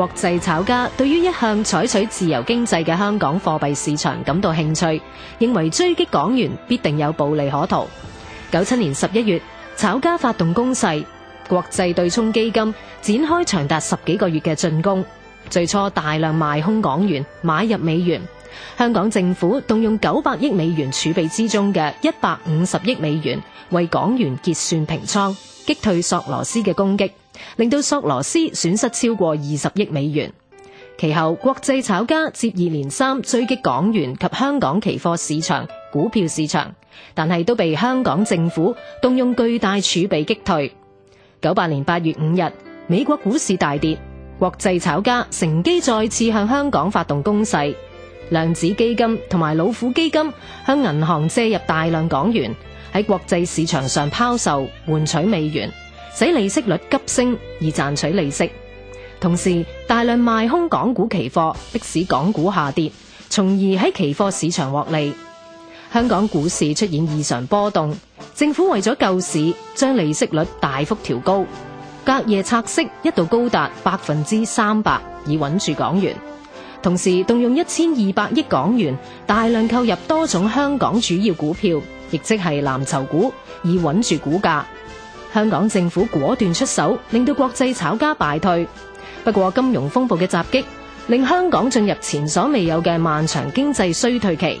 國際炒家對於一向採取自由經濟嘅香港貨幣市場感到興趣，認為追擊港元必定有暴利可圖。九七年十一月，炒家發動攻勢，國際對沖基金展開長達十幾個月嘅進攻。最初大量賣空港元，買入美元。香港政府動用九百億美元儲備之中嘅一百五十億美元，為港元結算平倉，擊退索羅斯嘅攻擊。令到索羅斯損失超過二十億美元。其後國際炒家接二連三追擊港元及香港期貨市場、股票市場，但係都被香港政府動用巨大儲備擊退。九八年八月五日，美國股市大跌，國際炒家乘機再次向香港發動攻勢。量子基金同埋老虎基金向銀行借入大量港元，喺國際市場上拋售換取美元。使利息率急升而賺取利息，同時大量賣空港股期貨，迫使港股下跌，從而喺期貨市場獲利。香港股市出現異常波動，政府為咗救市，將利息率大幅調高，隔夜拆息一度高達百分之三百，以穩住港元。同時動用一千二百億港元，大量購入多種香港主要股票，亦即係藍籌股，以穩住股價。，香港政府果斷出手，令到國際炒家敗退。不過金融風暴嘅襲擊，令香港進入前所未有嘅漫長經濟衰退期。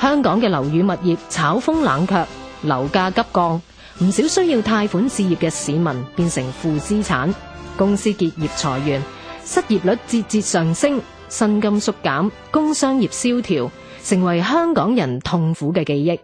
香港嘅樓宇物業炒風冷卻，樓價急降，唔少需要貸款置業嘅市民變成負資產，公司結業裁員，失業率節節上升，薪金縮減，工商業蕭條，成為香港人痛苦嘅記憶。